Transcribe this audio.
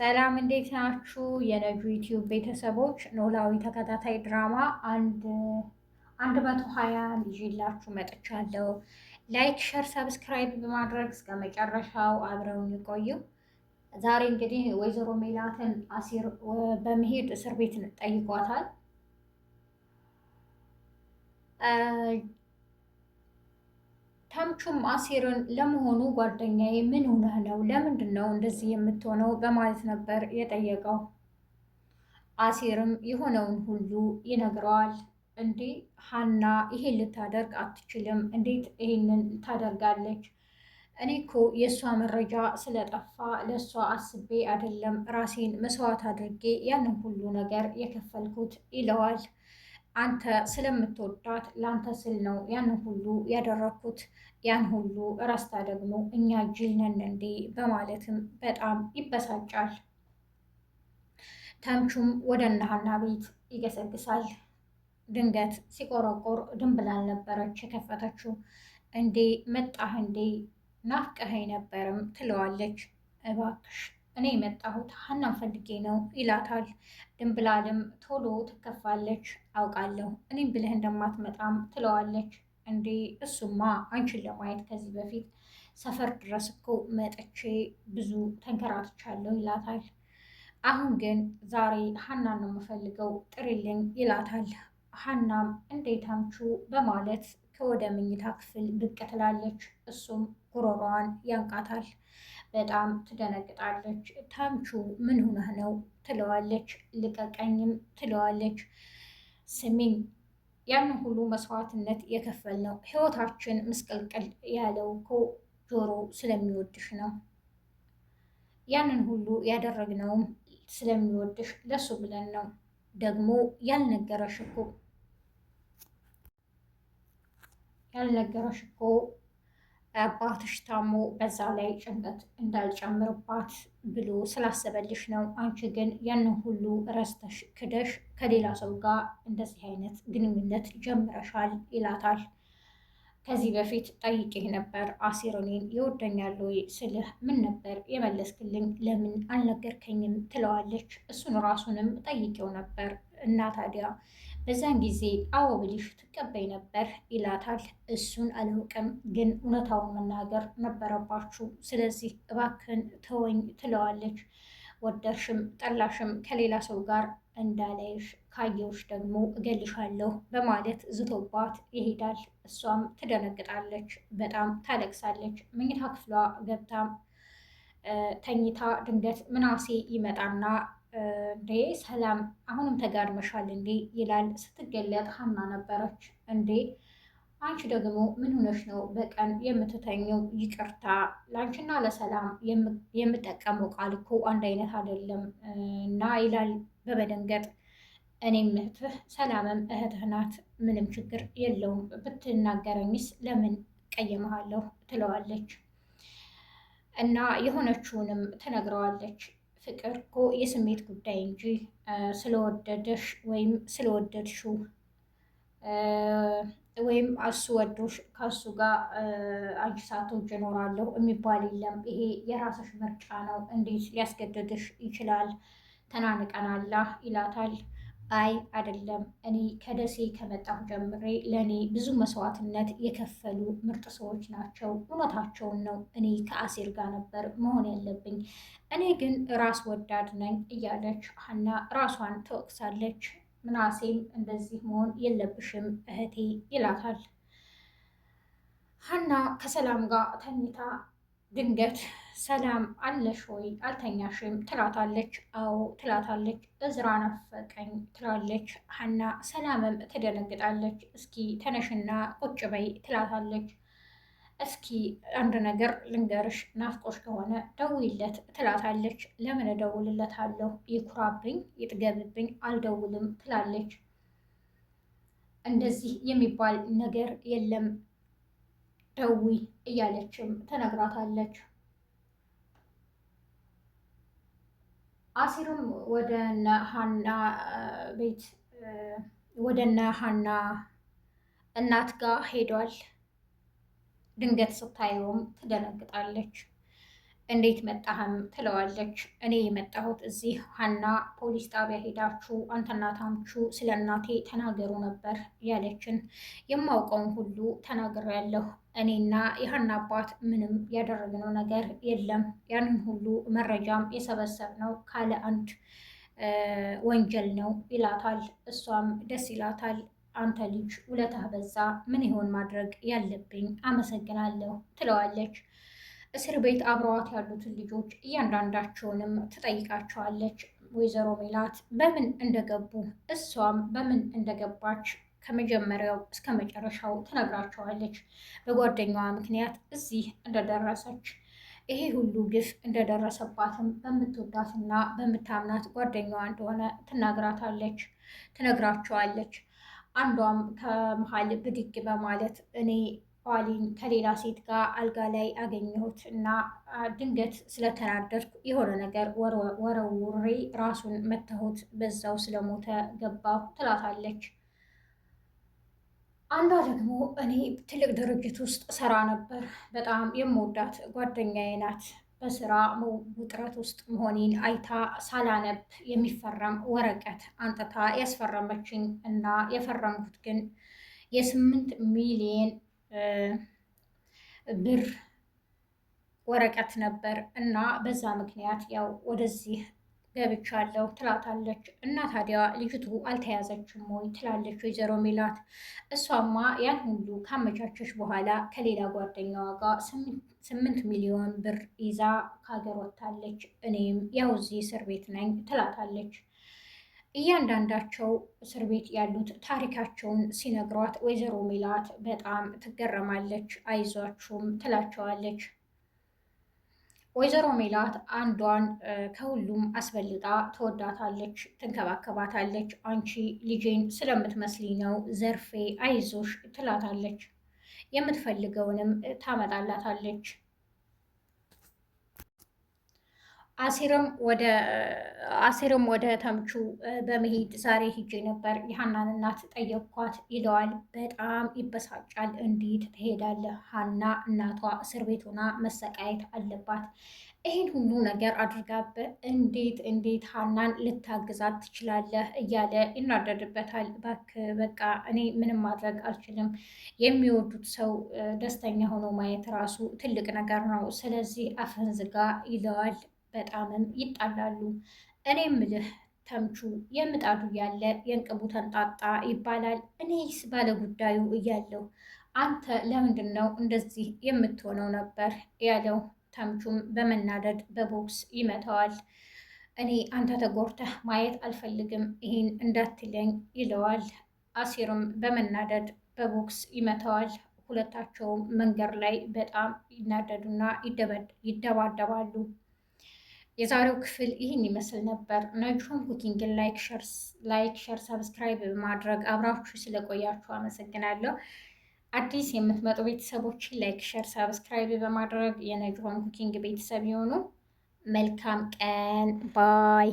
ሰላም እንዴት ናችሁ? የነጁ ዩቲዩብ ቤተሰቦች ኖላዊ ተከታታይ ድራማ አንድ አንድ መቶ ሀያ ይዤላችሁ መጥቻለሁ። ላይክ፣ ሸር፣ ሰብስክራይብ በማድረግ እስከ መጨረሻው አብረውን ይቆዩ። ዛሬ እንግዲህ ወይዘሮ ሜላትን አሲር በመሄድ እስር ቤት ጠይቋታል። ታምቹም አሴርን ለመሆኑ ጓደኛዬ ምን ሆነህ ነው? ለምንድን ነው እንደዚህ የምትሆነው? በማለት ነበር የጠየቀው። አሴርም የሆነውን ሁሉ ይነግረዋል። እንዴ ሀና ይሄን ልታደርግ አትችልም። እንዴት ይሄንን ታደርጋለች? እኔ እኮ የእሷ መረጃ ስለጠፋ ለእሷ አስቤ አይደለም ራሴን መስዋዕት አድርጌ ያንን ሁሉ ነገር የከፈልኩት ይለዋል። አንተ ስለምትወዳት ለአንተ ስል ነው ያን ሁሉ ያደረኩት። ያን ሁሉ እረስታ ደግሞ እኛ ጅል ነን እንዴ? በማለትም በጣም ይበሳጫል። ተምቹም ወደ እነ ቤት ይገሰግሳል። ድንገት ሲቆረቆር ድንብላ ነበረች የከፈተችው። እንዴ መጣህ እንዴ ናፍቀኸኝ ነበርም ትለዋለች። እባክሽ እኔ የመጣሁት ሀናን ፈልጌ ነው ይላታል። ድንብላልም ቶሎ ትከፋለች። አውቃለሁ እኔም ብለህ እንደማትመጣም ትለዋለች። እንዴ እሱማ አንቺን ለማየት ከዚህ በፊት ሰፈር ድረስ እኮ መጥቼ ብዙ ተንከራትቻለሁ ይላታል። አሁን ግን ዛሬ ሀናን ነው የምፈልገው ጥሪልኝ ይላታል። ሀናም እንዴት አምቹ በማለት ከወደ መኝታ ክፍል ብቅ ትላለች። እሱም ጉሮሯዋን ያንቃታል። በጣም ትደነግጣለች። ታምቹ ምን ሆነህ ነው ትለዋለች። ልቀቀኝም ትለዋለች። ስሚኝ ያንን ሁሉ መስዋዕትነት ነው። ህይወታችን ምስቅልቅል ያለው እኮ ጆሮ ስለሚወድሽ ነው። ያንን ሁሉ ያደረግነውም ስለሚወድሽ ለሱ ብለን ነው። ደግሞ ያልነገረሽ እኮ ያልነገረሽ እኮ አባትሽ ታሞ በዛ ላይ ጭንቀት እንዳልጨምርባት ብሎ ስላሰበልሽ ነው። አንቺ ግን ያንን ሁሉ ረስተሽ ክደሽ ከሌላ ሰው ጋር እንደዚህ አይነት ግንኙነት ጀምረሻል ይላታል። ከዚህ በፊት ጠይቄ ነበር አሲሮኔን እኔን ወይ ስልህ ምን ነበር የመለስክልኝ? ለምን አልነገርከኝም? ትለዋለች። እሱን ራሱንም ጠይቄው ነበር እና ታዲያ በዛን ጊዜ አዎ ብልሽ ትቀበይ ነበር ይላታል። እሱን አላውቅም፣ ግን እውነታውን መናገር ነበረባችሁ። ስለዚህ እባክን ተወኝ ትለዋለች። ወደርሽም ጠላሽም ከሌላ ሰው ጋር እንዳላይሽ ካየውሽ ደግሞ እገልሻለሁ በማለት ዝቶባት ይሄዳል። እሷም ትደነግጣለች፣ በጣም ታለቅሳለች። መኝታ ክፍሏ ገብታም ተኝታ ድንገት ምናሴ ይመጣና እንዴ ሰላም አሁንም ተጋድመሻል እንዴ ይላል። ስትገለጥ ሀና ነበረች። እንዴ አንቺ ደግሞ ምን ሆነሽ ነው በቀን የምትተኘው? ይቅርታ ለአንቺና ለሰላም የምጠቀመው ቃል እኮ አንድ አይነት አይደለም እና ይላል በመደንገጥ እኔም እህትህ ሰላምም እህትህ ናት። ምንም ችግር የለውም ብትናገረኝስ ለምን ቀየመሃለሁ? ትለዋለች እና የሆነችውንም ትነግረዋለች። ፍቅር እኮ የስሜት ጉዳይ እንጂ ስለወደደሽ ወይም ስለወደድሹ ወይም አሱ ወዶሽ ከሱ ጋር አንቺ ሳትወጂ እኖራለሁ የሚባል የለም። ይሄ የራስሽ ምርጫ ነው። እንዴት ሊያስገድድሽ ይችላል? ተናንቀናላ ይላታል። አይ አይደለም፣ እኔ ከደሴ ከመጣሁ ጀምሬ ለእኔ ብዙ መስዋዕትነት የከፈሉ ምርጥ ሰዎች ናቸው። እውነታቸውን ነው። እኔ ከአሴር ጋር ነበር መሆን ያለብኝ፣ እኔ ግን ራስ ወዳድ ነኝ እያለች ሀና ራሷን ትወቅሳለች። ምናሴም እንደዚህ መሆን የለብሽም እህቴ ይላታል። ሀና ከሰላም ጋር ተኝታ ድንገት ሰላም አለሽ ወይ አልተኛሽም? ትላታለች። አዎ ትላታለች። እዝራ ናፈቀኝ ትላለች ሀና። ሰላምም ትደነግጣለች። እስኪ ተነሽና ቁጭ በይ ትላታለች። እስኪ አንድ ነገር ልንገርሽ፣ ናፍቆሽ ከሆነ ደውይለት ትላታለች። ለምን እደውልለታለሁ? ይኩራብኝ፣ ይጥገብብኝ፣ አልደውልም ትላለች። እንደዚህ የሚባል ነገር የለም ደዊ እያለችም ትነግራታለች። አሲርም ወደ እነ ሀና ቤት ወደ እነ ሀና እናት ጋር ሄዷል። ድንገት ስታየውም ትደነግጣለች። እንዴት መጣህም ትለዋለች። እኔ የመጣሁት እዚህ ሀና ፖሊስ ጣቢያ ሄዳችሁ አንተና ታምቹ ስለ እናቴ ተናገሩ ነበር ያለችን። የማውቀውን ሁሉ ያለሁ እኔና የሀና አባት ምንም ያደረግነው ነገር የለም። ያንን ሁሉ መረጃም የሰበሰብነው ካለ አንድ ወንጀል ነው ይላታል። እሷም ደስ ይላታል። አንተ ልጅ ውለታህ በዛ፣ ምን ይሆን ማድረግ ያለብኝ? አመሰግናለሁ ትለዋለች። እስር ቤት አብረዋት ያሉትን ልጆች እያንዳንዳቸውንም ትጠይቃቸዋለች። ወይዘሮ ሜላት በምን እንደገቡ እሷም በምን እንደገባች ከመጀመሪያው እስከ መጨረሻው ትነግራቸዋለች። በጓደኛዋ ምክንያት እዚህ እንደደረሰች ይሄ ሁሉ ግፍ እንደደረሰባትም በምትወዳትና በምታምናት ጓደኛዋ እንደሆነ ትናግራታለች ትነግራቸዋለች። አንዷም ከመሀል ብድግ በማለት እኔ ኦሊን ከሌላ ሴት ጋር አልጋ ላይ አገኘሁት እና ድንገት ስለተናደድኩ የሆነ ነገር ወረውሬ ራሱን መታሁት፣ በዛው ስለሞተ ገባሁ ትላታለች። አንዷ ደግሞ እኔ ትልቅ ድርጅት ውስጥ ሰራ ነበር። በጣም የምወዳት ጓደኛዬ ናት። በስራ ውጥረት ውስጥ መሆኔን አይታ ሳላነብ የሚፈረም ወረቀት አንጥታ ያስፈረመችኝ እና የፈረምኩት ግን የስምንት ሚሊየን ብር ወረቀት ነበር እና በዛ ምክንያት ያው ወደዚህ ገብቻለሁ ትላታለች። እና ታዲያ ልጅቱ አልተያዘችም ወይ ትላለች ወይዘሮ ሜላት። እሷማ ያን ሁሉ ካመቻቸች በኋላ ከሌላ ጓደኛዋ ጋር ስምንት ሚሊዮን ብር ይዛ ከሀገር ወጥታለች። እኔም ያው እዚህ እስር ቤት ነኝ ትላታለች። እያንዳንዳቸው እስር ቤት ያሉት ታሪካቸውን ሲነግሯት ወይዘሮ ሜላት በጣም ትገረማለች። አይዟችሁም ትላቸዋለች። ወይዘሮ ሜላት አንዷን ከሁሉም አስበልጣ ትወዳታለች፣ ትንከባከባታለች። አንቺ ልጄን ስለምትመስሊ ነው ዘርፌ፣ አይዞሽ ትላታለች። የምትፈልገውንም ታመጣላታለች። አሴርም ወደ ተምቹ በመሄድ ዛሬ ሂጄ ነበር የሀናን እናት ጠየኳት ይለዋል። በጣም ይበሳጫል። እንዴት ትሄዳለህ? ሀና እናቷ እስር ቤት ሆና መሰቃየት አለባት። ይህን ሁሉ ነገር አድርጋብህ እንዴት እንዴት ሀናን ልታግዛት ትችላለህ? እያለ ይናደድበታል። እባክህ በቃ እኔ ምንም ማድረግ አልችልም። የሚወዱት ሰው ደስተኛ ሆኖ ማየት ራሱ ትልቅ ነገር ነው። ስለዚህ አፈንዝጋ ይለዋል። በጣምም ይጣላሉ። እኔ ምልህ ተምቹ የምጣዱ ያለ የእንቅቡ ተንጣጣ ይባላል። እኔስ ባለጉዳዩ እያለሁ አንተ ለምንድን ነው እንደዚህ የምትሆነው ነበር ያለው። ተምቹም በመናደድ በቦክስ ይመታዋል። እኔ አንተ ተጎርተህ ማየት አልፈልግም፣ ይህን እንዳትለኝ ይለዋል። አሲርም በመናደድ በቦክስ ይመታዋል። ሁለታቸውም መንገድ ላይ በጣም ይናደዱና ይደባደባሉ። የዛሬው ክፍል ይህን ይመስል ነበር። ነጅሁም ኩኪንግ ላይክ፣ ሸር፣ ሰብስክራይብ በማድረግ አብራችሁ ስለቆያችሁ አመሰግናለሁ። አዲስ የምትመጡ ቤተሰቦች ላይክ፣ ሸር፣ ሰብስክራይብ በማድረግ የነጅሁም ኩኪንግ ቤተሰብ የሆኑ መልካም ቀን ባይ